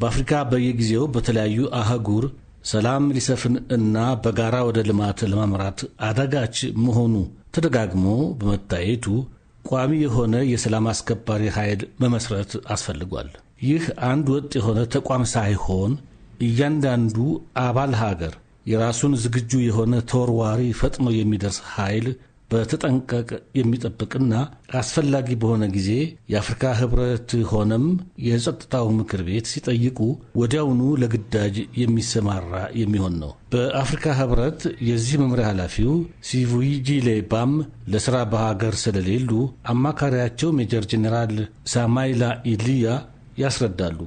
በአፍሪካ በየጊዜው በተለያዩ አህጉር ሰላም ሊሰፍን እና በጋራ ወደ ልማት ለማምራት አዳጋች መሆኑ ተደጋግሞ በመታየቱ ቋሚ የሆነ የሰላም አስከባሪ ኃይል መመስረት አስፈልጓል። ይህ አንድ ወጥ የሆነ ተቋም ሳይሆን እያንዳንዱ አባል ሀገር የራሱን ዝግጁ የሆነ ተወርዋሪ ፈጥኖ የሚደርስ ኃይል በተጠንቀቅ የሚጠብቅና አስፈላጊ በሆነ ጊዜ የአፍሪካ ህብረት ሆነም የጸጥታው ምክር ቤት ሲጠይቁ ወዲያውኑ ለግዳጅ የሚሰማራ የሚሆን ነው። በአፍሪካ ህብረት የዚህ መምሪያ ኃላፊው ሲቪጂሌ ባም ለሥራ በሀገር ስለሌሉ አማካሪያቸው ሜጀር ጄኔራል ሳማይላ ኢልያ ያስረዳሉ።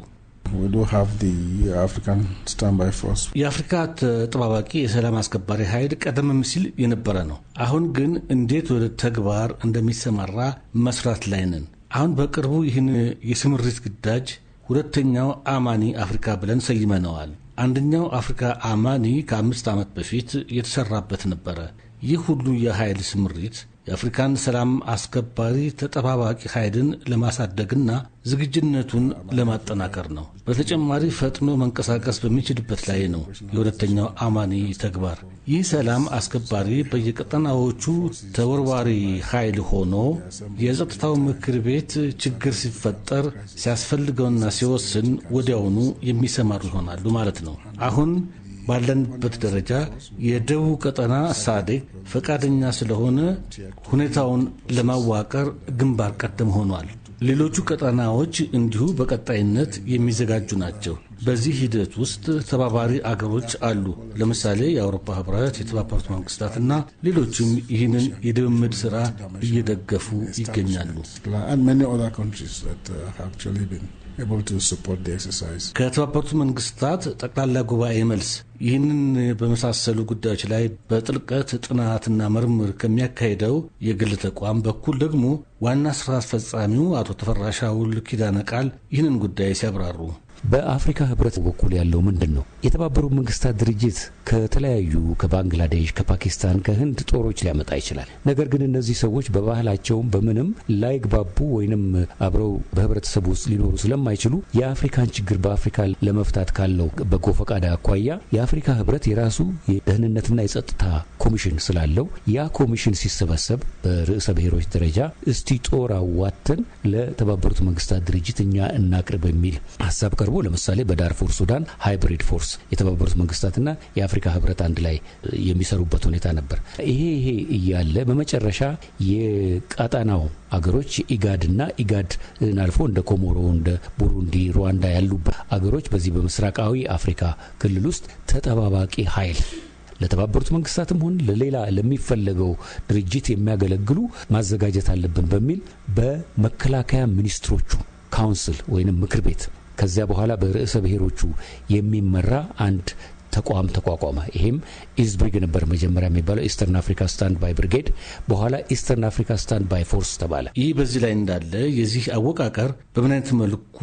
የአፍሪካ ተጠባባቂ የሰላም አስከባሪ ኃይል ቀደም ሲል የነበረ ነው። አሁን ግን እንዴት ወደ ተግባር እንደሚሰማራ መስራት ላይ ነን። አሁን በቅርቡ ይህን የስምሪት ግዳጅ ሁለተኛው አማኒ አፍሪካ ብለን ሰይመነዋል። አንደኛው አፍሪካ አማኒ ከአምስት ዓመት በፊት የተሰራበት ነበረ። ይህ ሁሉ የኃይል ስምሪት የአፍሪካን ሰላም አስከባሪ ተጠባባቂ ኃይልን ለማሳደግና ዝግጅነቱን ለማጠናከር ነው። በተጨማሪ ፈጥኖ መንቀሳቀስ በሚችልበት ላይ ነው የሁለተኛው አማኒ ተግባር። ይህ ሰላም አስከባሪ በየቀጠናዎቹ ተወርዋሪ ኃይል ሆኖ የጸጥታው ምክር ቤት ችግር ሲፈጠር ሲያስፈልገውና ሲወስን ወዲያውኑ የሚሰማሩ ይሆናሉ ማለት ነው። አሁን ባለንበት ደረጃ የደቡብ ቀጠና ሳዴ ፈቃደኛ ስለሆነ ሁኔታውን ለማዋቀር ግንባር ቀደም ሆኗል። ሌሎቹ ቀጠናዎች እንዲሁ በቀጣይነት የሚዘጋጁ ናቸው። በዚህ ሂደት ውስጥ ተባባሪ አገሮች አሉ። ለምሳሌ የአውሮፓ ህብረት፣ የተባበሩት መንግስታትና ሌሎችም ይህንን የልምምድ ስራ እየደገፉ ይገኛሉ። ከተባበሩት መንግስታት ጠቅላላ ጉባኤ መልስ ይህንን በመሳሰሉ ጉዳዮች ላይ በጥልቀት ጥናትና ምርምር ከሚያካሄደው የግል ተቋም በኩል ደግሞ ዋና ስራ አስፈጻሚው አቶ ተፈራ ሻውል ኪዳነ ቃል ይህንን ጉዳይ ሲያብራሩ በአፍሪካ ህብረት በኩል ያለው ምንድን ነው? የተባበሩት መንግስታት ድርጅት ከተለያዩ ከባንግላዴሽ፣ ከፓኪስታን፣ ከህንድ ጦሮች ሊያመጣ ይችላል። ነገር ግን እነዚህ ሰዎች በባህላቸውም በምንም ላይግባቡ ወይንም አብረው በህብረተሰቡ ውስጥ ሊኖሩ ስለማይችሉ የአፍሪካን ችግር በአፍሪካ ለመፍታት ካለው በጎ ፈቃድ አኳያ የአፍሪካ ህብረት የራሱ የደህንነትና የጸጥታ ኮሚሽን ስላለው ያ ኮሚሽን ሲሰበሰብ በርዕሰ ብሔሮች ደረጃ እስቲ ጦር አዋተን ለተባበሩት መንግስታት ድርጅት እኛ እናቅርብ የሚል ሀሳብ ቀርቦ ለምሳሌ በዳርፎር ሱዳን ሃይብሪድ ፎርስ የተባበሩት መንግስታትና የአፍሪካ ህብረት አንድ ላይ የሚሰሩበት ሁኔታ ነበር። ይሄ ይሄ እያለ በመጨረሻ የቀጠናው አገሮች ኢጋድና ኢጋድን አልፎ እንደ ኮሞሮ፣ እንደ ቡሩንዲ፣ ሩዋንዳ ያሉበት አገሮች በዚህ በምስራቃዊ አፍሪካ ክልል ውስጥ ተጠባባቂ ኃይል ለተባበሩት መንግስታትም ሆን ለሌላ ለሚፈለገው ድርጅት የሚያገለግሉ ማዘጋጀት አለብን በሚል በመከላከያ ሚኒስትሮቹ ካውንስል ወይንም ምክር ቤት ከዚያ በኋላ በርዕሰ ብሔሮቹ የሚመራ አንድ ተቋም ተቋቋመ። ይሄም ኢዝብሪግ ነበር መጀመሪያ የሚባለው ኢስተርን አፍሪካ ስታንድ ባይ ብሪጌድ፣ በኋላ ኢስተርን አፍሪካ ስታንድ ባይ ፎርስ ተባለ። ይህ በዚህ ላይ እንዳለ የዚህ አወቃቀር በምን አይነት መልኩ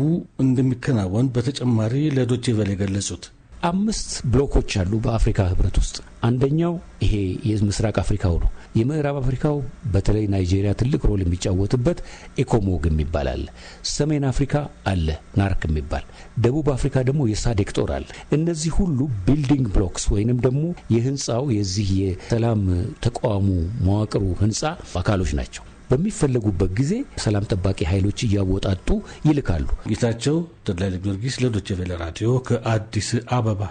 እንደሚከናወን በተጨማሪ ለዶቼ ቬለ የገለጹት አምስት ብሎኮች አሉ በአፍሪካ ህብረት ውስጥ። አንደኛው ይሄ የምስራቅ አፍሪካው ነው። የምዕራብ አፍሪካው በተለይ ናይጄሪያ ትልቅ ሮል የሚጫወትበት ኤኮሞግ የሚባል አለ። ሰሜን አፍሪካ አለ ናርክ የሚባል ደቡብ አፍሪካ ደግሞ የሳዴክ ጦር አለ። እነዚህ ሁሉ ቢልዲንግ ብሎክስ ወይንም ደግሞ የህንፃው የዚህ የሰላም ተቋሙ መዋቅሩ ህንፃ አካሎች ናቸው። በሚፈለጉበት ጊዜ ሰላም ጠባቂ ኃይሎች እያወጣጡ ይልካሉ። ጌታቸው ተድላ ጊዮርጊስ ለዶቼ ቬለ ራዲዮ ከአዲስ አበባ